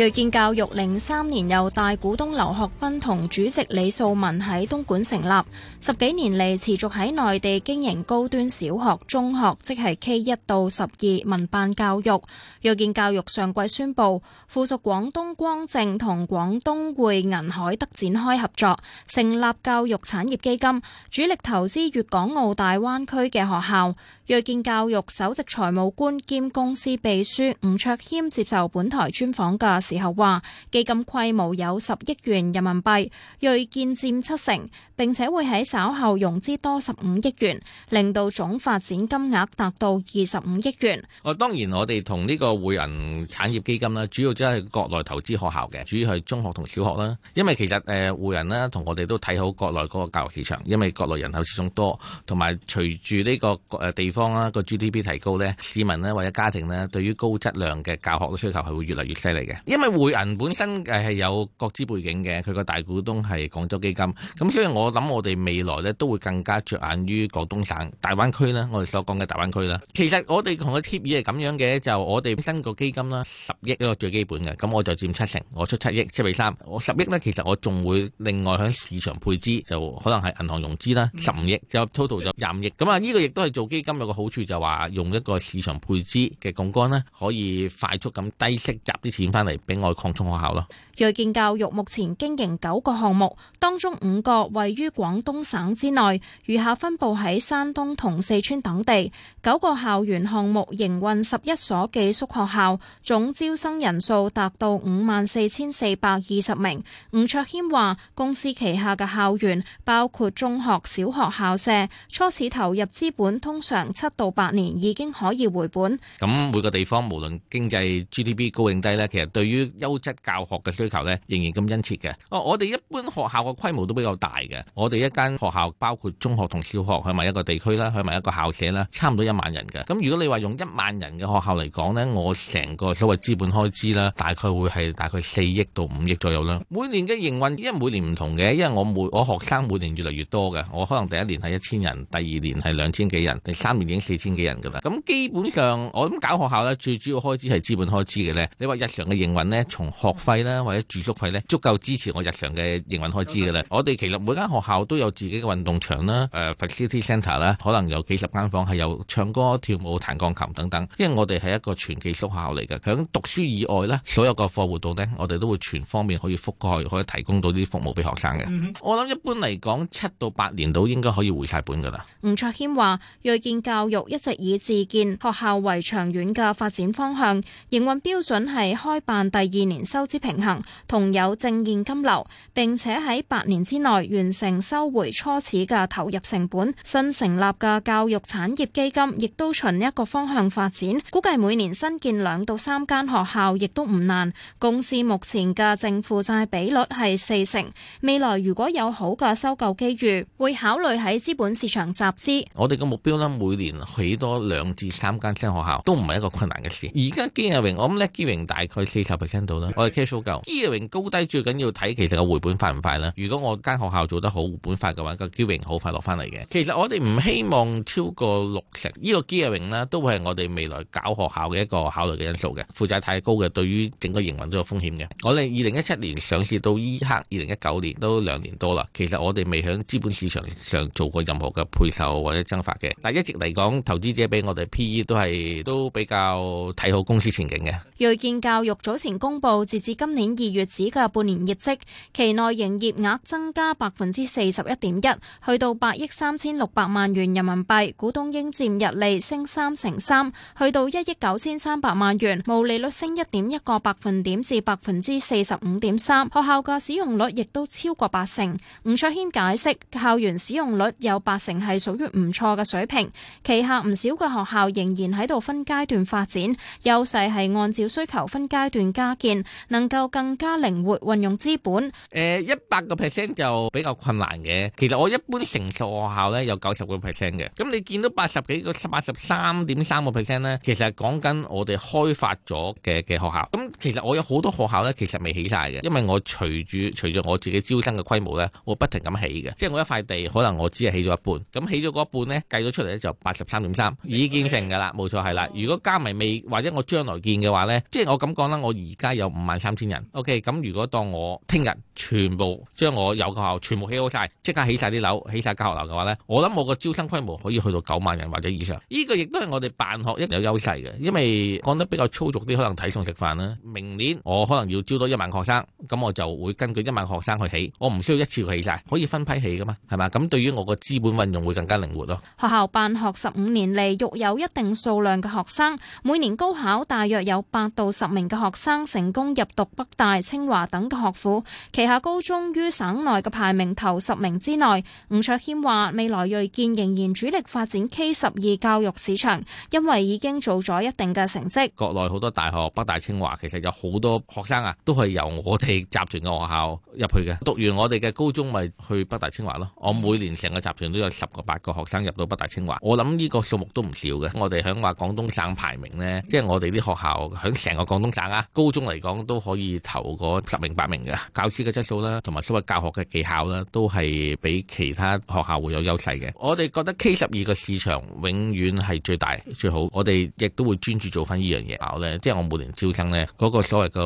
睿見教育零三年由大股東劉學斌同主席李素文喺東莞成立，十幾年嚟持續喺內地經營高端小學、中學，即係 K 一到十二，民辦教育。睿見教育上季宣布，附屬廣東光正同廣東匯垠海德展開合作，成立教育產業基金，主力投資粵港澳大灣區嘅學校。睿見教育首席財務官兼公司秘書吳卓謙接受本台專訪噶。時候話基金規模有十億元人民幣，睿見佔七成，並且會喺稍後融資多十五億元，令到總發展金額達到二十五億元。當然我哋同呢個匯垠產業基金呢，主要都係國內投資學校嘅，主要係中學同小學啦。因為其實誒匯垠呢同我哋都睇好國內嗰個教育市場，因為國內人口始終多，同埋隨住呢個誒地方啦個 GDP 提高咧，市民咧或者家庭咧，對於高質量嘅教學嘅需求係會越嚟越犀利嘅。因為匯銀本身誒係有國資背景嘅，佢個大股東係廣州基金。咁所以我諗我哋未來咧都會更加着眼於廣東省大灣區啦，我哋所講嘅大灣區啦。其實我哋同個協議係咁樣嘅，就是、我哋新個基金啦，十億一個最基本嘅，咁我就佔七成，我出七億七比三，我十億呢，其實我仲會另外喺市場配資，就可能係銀行融資啦，十五億，就 total 咗廿五億。咁啊呢個亦都係做基金有個好處，就話、是、用一個市場配資嘅槓杆呢，可以快速咁低息集啲錢翻嚟。俾外擴充學校咯。睿見教育目前經營九個項目，當中五個位於廣東省之內，餘下分佈喺山東同四川等地。九個校園項目營運十一所寄宿學校，總招生人數達到五萬四千四百二十名。吳卓謙話：公司旗下嘅校園包括中學、小學校舍，初始投入資本通常七到八年已經可以回本。咁每個地方無論經濟 GDP 高定低呢，其實對於優質教學嘅需求呢，仍然咁殷切嘅。哦，我哋一般學校嘅規模都比較大嘅。我哋一間學校包括中學同小學，喺埋一個地區啦，喺埋一個校舍啦，差唔多一萬人嘅。咁如果你話用一萬人嘅學校嚟講呢，我成個所謂資本開支啦，大概會係大概四億到五億左右啦。每年嘅營運，因為每年唔同嘅，因為我每我學生每年越嚟越多嘅，我可能第一年係一千人，第二年係兩千幾人，第三年已經四千幾人噶啦。咁基本上我諗搞學校呢，最主要開支係資本開支嘅呢。你話日常嘅營運？咧，從學費啦，或者住宿費呢，足夠支持我日常嘅營運開支噶啦。Okay. 我哋其實每間學校都有自己嘅運動場啦，誒，facility、okay. centre、呃、啦，Center, 可能有幾十間房係有唱歌、跳舞、彈鋼琴等等。因為我哋係一個全寄宿學校嚟嘅，響讀書以外呢，所有個課活動呢，我哋都會全方面可以覆蓋，可以提供到啲服務俾學生嘅。Mm -hmm. 我諗一般嚟講，七到八年度應該可以回晒本噶啦。吳卓謙話：睿見教育一直以自建學校為長遠嘅發展方向，營運標準係開辦。第二年收支平衡，同有正現金流，並且喺八年之內完成收回初始嘅投入成本。新成立嘅教育產業基金亦都循一個方向發展，估計每年新建兩到三間學校亦都唔難。公司目前嘅淨負債比率係四成，未來如果有好嘅收購機遇，會考慮喺資本市場集資。我哋嘅目標啦，每年起多兩至三間新學校都唔係一個困難嘅事。而家經日榮，我諗呢堅榮大概四十。percent 到啦，我哋 cash 好 g 基業榮高低最緊要睇，其實個回本快唔快啦。如果我間學校做得好，回本快嘅話，個基業榮好快落翻嚟嘅。其實我哋唔希望超過六成，依、這個基 a 榮咧，都係我哋未來搞學校嘅一個考慮嘅因素嘅。負債太高嘅，對於整個營運都有風險嘅。我哋二零一七年上市到依刻二零一九年都兩年多啦。其實我哋未響資本市場上做過任何嘅配售或者增發嘅。但一直嚟講，投資者俾我哋 P E 都係都比較睇好公司前景嘅。瑞建教育早前。公布截至今年二月止嘅半年業績，期內營業額增加百分之四十一點一，去到八億三千六百萬元人民幣，股東應佔溢利升三成三，去到一億九千三百萬元，毛利率升一點一個百分點至百分之四十五點三。學校嘅使用率亦都超過八成。吳卓謙解釋，校園使用率有八成係屬於唔錯嘅水平，旗下唔少嘅學校仍然喺度分階段發展，優勢係按照需求分階段。加建能夠更加靈活運用資本，誒一百個 percent 就比較困難嘅。其實我一般成熟學校咧有九十個 percent 嘅。咁你見到八十幾個、八十三點三個 percent 咧，其實講緊我哋開發咗嘅嘅學校。咁其實我有好多學校咧，其實未起晒嘅。因為我隨住隨住我自己招生嘅規模咧，我不停咁起嘅。即係我一塊地可能我只係起咗一半，咁起咗嗰一半咧計咗出嚟咧，就八十三點三已經建成噶啦，冇錯係啦。如果加埋未或者我將來建嘅話咧，即係我咁講啦，我而家有五萬三千人。O.K. 咁如果當我聽日全部將我有個校全部起好晒，即刻起晒啲樓，起晒教學樓嘅話呢，我諗我個招生規模可以去到九萬人或者以上。呢個亦都係我哋辦學一定有優勢嘅，因為講得比較粗俗啲，可能睇餸食飯啦。明年我可能要招多一萬學生，咁我就會根據一萬學生去起，我唔需要一次起晒，可以分批起噶嘛，係嘛？咁對於我個資本運用會更加靈活咯。學校辦學十五年嚟，育有一定數量嘅學生，每年高考大約有八到十名嘅學生。成功入讀北大、清華等嘅學府，旗下高中於省內嘅排名頭十名之內。吳卓謙話：未來睿見仍然主力發展 K 十二教育市場，因為已經做咗一定嘅成績。國內好多大學，北大、清華其實有好多學生啊，都係由我哋集團嘅學校入去嘅。讀完我哋嘅高中，咪去北大、清華咯。我每年成個集團都有十個、八個學生入到北大、清華。我諗呢個數目都唔少嘅。我哋響話廣東省排名呢，即係我哋啲學校響成個廣東省啊。高中嚟講都可以投個十名八名嘅，教師嘅質素啦，同埋所謂教學嘅技巧啦，都係比其他學校會有優勢嘅。我哋覺得 K 十二個市場永遠係最大最好，我哋亦都會專注做翻呢樣嘢。教咧，即係我每年招生呢嗰、嗰個所謂個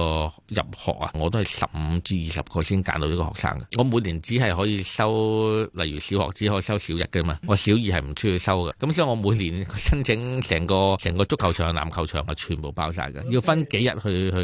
入學啊，我都係十五至二十個先揀到呢個學生。我每年只係可以收，例如小學只可以收小一嘅嘛，我小二係唔出去收嘅。咁所以我每年申請成個成個足球場、籃球場啊全部包晒嘅，要分幾日去去。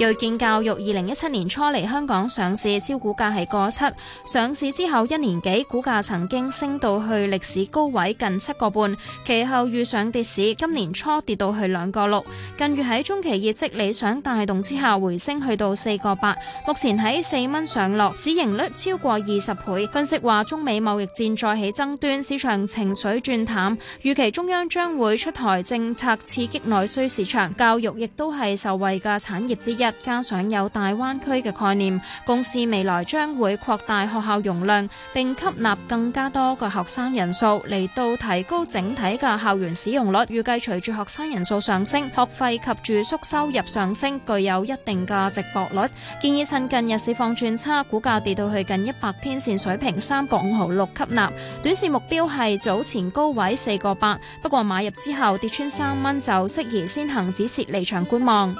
睿見教育二零一七年初嚟香港上市，招股價係過七，上市之後一年幾，股價曾經升到去歷史高位近七個半，其後遇上跌市，今年初跌到去兩個六，近月喺中期業績理想帶動之下回升去到四個八，目前喺四蚊上落，市盈率超過二十倍。分析話中美貿易戰再起爭端，市場情緒轉淡，預期中央將會出台政策刺激內需市場，教育亦都係受惠嘅產業之一。加上有大灣區嘅概念，公司未來將會擴大學校容量，並吸納更加多嘅學生人數，嚟到提高整體嘅校園使用率。預計隨住學生人數上升，學費及住宿收入上升，具有一定嘅值博率。建議趁近日市況轉差，股價跌到去近一百天線水平三個五毫六吸納，短線目標係早前高位四個八。不過買入之後跌穿三蚊就適宜先行止蝕離場觀望。